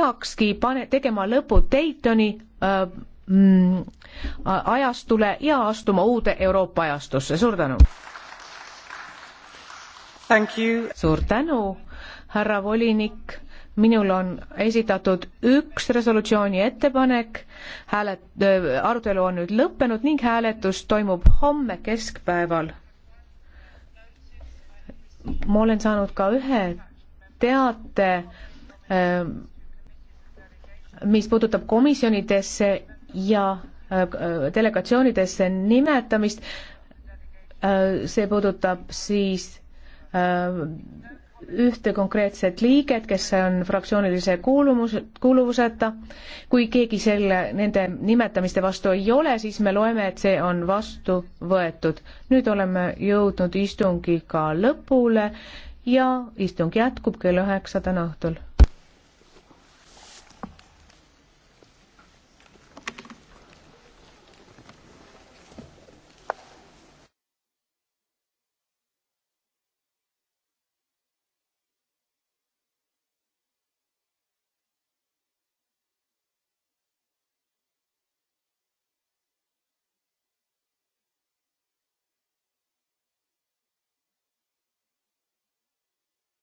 peakski pane, tegema lõpu Daytoni äh, mm, äh, ajastule ja astuma uude Euroopa ajastusse. suur tänu! suur tänu, härra volinik, minul on esitatud üks resolutsiooni ettepanek, hääled, äh, arutelu on nüüd lõppenud ning hääletus toimub homme keskpäeval. ma olen saanud ka ühe teate äh, mis puudutab komisjonidesse ja äh, delegatsioonidesse nimetamist, äh, see puudutab siis äh, ühte konkreetset liiget, kes on fraktsioonilise kuulumus, kuuluvuseta. kui keegi selle, nende nimetamiste vastu ei ole, siis me loeme, et see on vastu võetud. nüüd oleme jõudnud istungiga lõpule ja istung jätkub kell üheksa täna õhtul